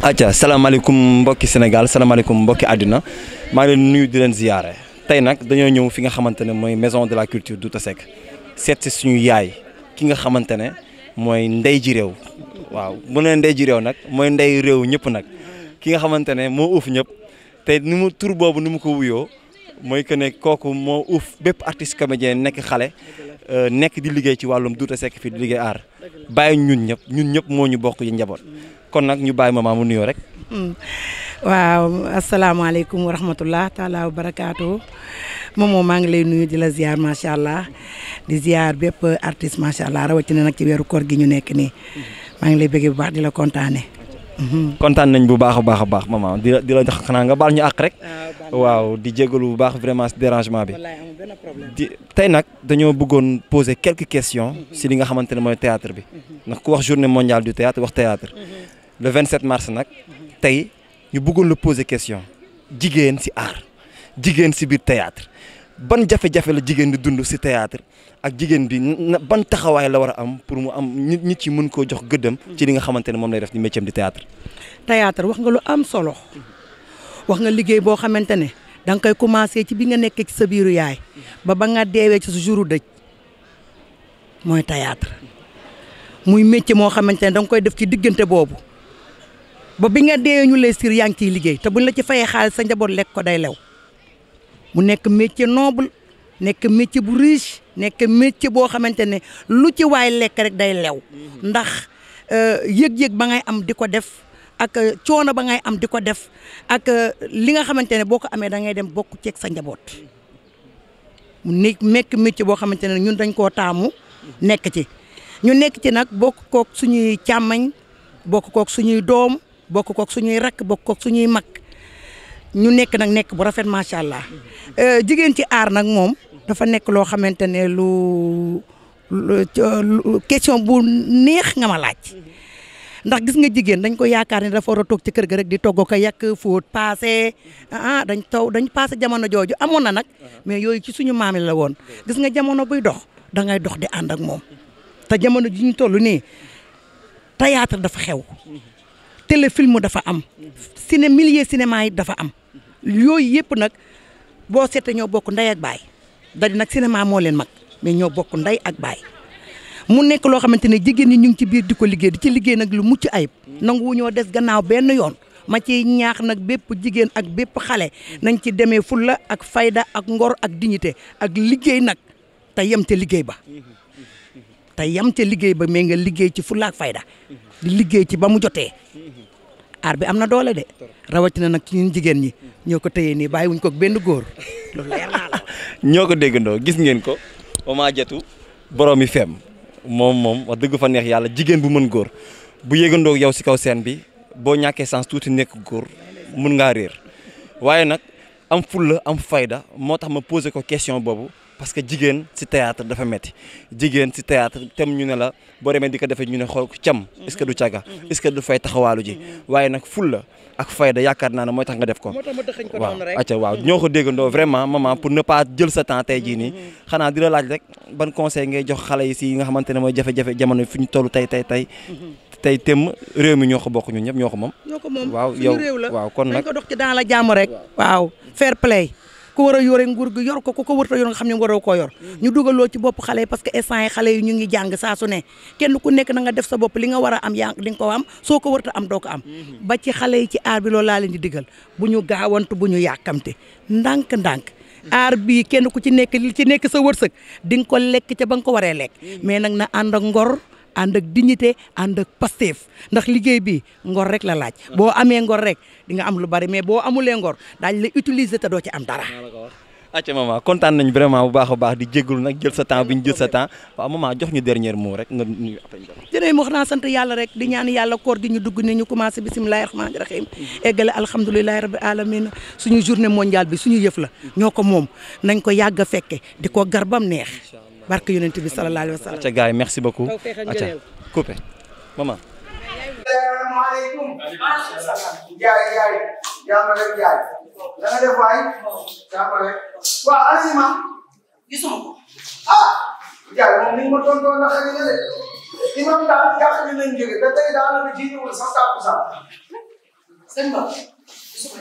acca salaamaaleykum mbokki Sénégal salaamaaleykum mbokki àddina maa ngi leen nuyu di leen ziyaare tey nag dañoo ñëw fi nga xamante ne mooy maison de la culture Douta Seck seet si suñu yaay ki nga xamante ne mooy ndey ji réew waaw mu ne ndey ji réew nag mooy ndey réew ñëpp nag ki nga xamante ne moo uuf ñëpp tey ni mu tur boobu ni mu ko wuyoo mooy que ne kooku moo uuf bépp artiste comédien nekk xale euh, nekk di liggéey ci wàllum Douta sekk fii di liggéey aar bàyyi ñun ñëpp ñun ñëpp moo ñu bokk yi njaboot kon nak ñu bàyyi ma maamu nuyoo rek. Hmm. waaw alaykum wa rahmatullah ta'ala wa barakatuh momo ma ngi lay nuyu di la ziar sha allah di ziar bepp artiste sha allah rawatina nak ci wéru koor gi ñu nekk ni ma ngi lay bëggee bu baax di la kontaane. contane hmm. nañ bu baax a baax baax mama di la di la xana nga bal ñu ak rek. Ah, waaw di jéggelu bu baax vraiment dérangement bi. di tay nak dañu bëggoon poser quelques questions. Hmm. ci li nga xamantene moy théâtre bi. nak ku wax journée mondiale du théâtre wax théâtre le 27 mars nag tey ñu bëggoon la poser question jigéen ci art jigéen ci biir théâtre ban jafé jafé la jigéen di dund ci théâtre ak jigéen bi ban taxaway la wara am pour mu am nit ñi ci mën koo jox gëddam ci li nga xamantene mom lay def ni métier di théâtre théâtre wax nga lu am solo wax nga liggéey bo xamantene dang koy commencer ci bi nga nekk ci sa biiru yaay ba ba nga déwé ci sa jouru dëj Moy théâtre muy métier mo xamantene dang koy def ci diggante bobu. ba bi nga dee ñu lay siir yaa liggéey te buñ la ci fayee xaalis sa njaboot lekk ko day lew bu nekk métier noble nekk métier bu riche nekk métier boo xamante ne lu ci waay lekk rek day lew mhm. ndax euh, yëg-yëg ba ngay am di ko def ak euh, coono ba ngay am di ko def ak euh, li nga xamante ne boo ko amee da ngay dem bokk ceeg sa njaboot mu nekk mekk métier boo xamante ne ñun dañ koo taamu nekk ci ñu nekk ci nag bokk kook suñuy càmmañ bokk kook suñuy doom bokk kook suñuy rak bokk kook suñuy mak ñu nek nak nek bu rafet macha allah eh, jigen ci ar nak mom dafa nek lo xamantene lu question bu neex nga ma laaj ndax gis nga jigen dañ ko yaakar ni dafa ro tok ci kër ga rek di togo ko yak foot passé ah dañ taw dañ passé jamono joju amona na mais yoy ci suñu maam la won gis nga jamono buy dox da ngay dox di and ak mom ta jamono ji ñu toll nii théâtre dafa xew téléfilm dafa am ciné millier cinéma yi dafa am yooyu yëpp nag boo seetee ñoo bokk ndey ak baay dadi nag cinéma moo leen mag mais ñoo bokk ndey ak baay mu nekk loo xamante ne jigéen ñi ñu ngi ci biir di ko liggéey di ci liggéey nag lu mucc ayib nanguwu ñoo des gannaaw benn yoon ma ci ñaax nag bépp jigéen ak bépp xale nañ ci demee fulla ak fayda ak ngor ak dignité ak liggéey nag te yem te liggéey ba te yam ca liggéey ba mais nga liggéey ci fulla ak fayda di liggéey ci ba mu jotee aar bi am na doole de rawatina nag ci ñun jigéen ñi ñoo ko téyee nii wuñ ko benn góor loolu leer naa la ñoo ko déggandoo gis ngeen ko Mama Diatou boroomi feem moom moom wax dëgg fa neex yàlla jigéen bu mën góor bu yéegandoo yow si kaw seen bi boo ñàkkee sens tuuti nekk góor mun ngaa réer waaye nag am fulla am fayda moo tax ma posé ko question boobu parce que jigéen si théâtre dafa metti jigéen si théâtre tem ñu ne la boo demee di ko defee ñu ne xool cam est-ce que du caga mhm. est-ce que du fay taxawaalu ji mhm. waaye nag fulla ak fayda yaakaar naa ne mooy tax nga def ko waaw acca waaw ñoo ko déggandoo vraiment maman pour ne pas jël sa temps tey jii nii mhm. xanaa di la laaj rek ban conseil ngay jox xale yi si nga xamante ne mooy jafe-jafe jamono fi ñu tollu tey tey tey tey tem réew mi ñoo ko bokk ñu ñëpp ñoo ko moom ñoo ko moom waaw yow waaw ku war a yore nguur gi yor ko ku ko wërta yor nga xam ne waroo ko yor mm-hmm. ñu dugaloo ci bopp xale yi parce que instant yi xale yi ñu ngi jàng saa ne kenn ku nekk na nga def sa bopp li nga war am yaa li nga ko am soo ko wërta am doo am mm-hmm. ba ci xale yi ci aar bi loolu laa digal bu ñu gaawantu bu ñu yàkkamte ndànk-ndànk mm-hmm. aar bii kenn ku ci nekk li ci nekk sa wërsëg di nga ko lekk ca ba nga ko waree lekk mais nag na ànd ak ngor ànd ak dignité ànd ak Pastef ndax liggéey bi ngor rek la laaj boo amee ngor rek di nga am lu bari mais boo amulee ngor daañ la utiliser te doo ci am dara acca maman kontaan nañ vraiment bu baax a baax di jégalu nag jël sa temps bi ñu jël sa temps waaw maman jox ñu dernier mot rek nga nuyu après jërëjëf wax naa sant yàlla rek di ñaan yàlla koor gi ñu dugg ni ñu commencé bisimilahi rahmaani rahim eggale alhamdulilahi rabi alamin suñu journée mondiale bi suñu yëf la ñoo ko moom nañ ko yàgg a di ko garbam neex barke yonent bi sallallahu alayhi wa sallam. acca gars yi merci beaucoup. acca coupé maman. salaamaaleykum. jaay jaay jàmbale jaay. da nga def waay. jàmbale. waaw Alima. gisuma ko. ah. jaay moom ni ma doon doon naka nga jëlee. imam daal jàpp nañ jóge ba tey daal la ji ñëwul sax saa ko sax. sëñ Ba gisuma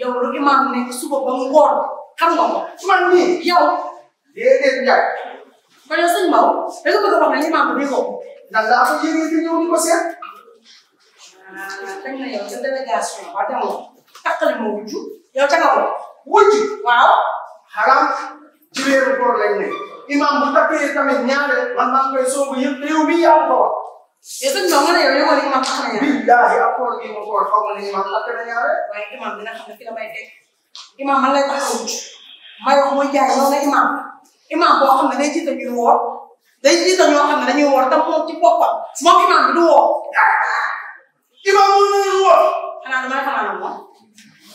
yow lu imam nekk suba ba mu ngoon xam nga ko. man nii yow. déedéet njaay. kon yow sëñ Maodo da nga bëgg a wax ne limaam bi ko. ndax ko yéene te ñëw di ko seet. ah teg na yow sa délégation ma wujju yow ko. wujju waaw. xaram ci weeru koor lañ ne. imaam bu man maa ngi koy soobu yëpp réew mi yaa ko wax. yow sëñ Maodo nga ne yow yow wala imaam takk na ñaare. billaahi ak koor gi ma koor xaw ma ne imaam takk na lay tax a wujju. may wax mooy jaay loolu la imaam. imaam boo xam ne day jiite ñuy woor day jiite ñoo xam ne dañuy woor te moom ci boppam moom imaam bi du woor imaam mu mënul woor xanaa damay xanaa la moom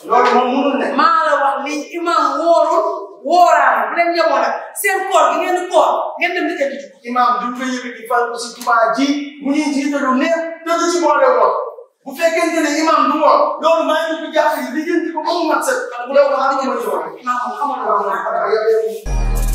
loolu moom mënul ne maa la wax lii imaam woorul wooraale bu leen yemoo nag seen koor gi ngeen di koor ngeen dem di ko imaam du ko yëkkati fal ko si jumaa ji mu ñuy jiite lu neex te du ci boole woor bu fekkente ne imaam du woor loolu maa ngi ko jaaxle yi di jënd ko ba mu mat sëkk bu dee ko xaaral ma ci woor imaam xamal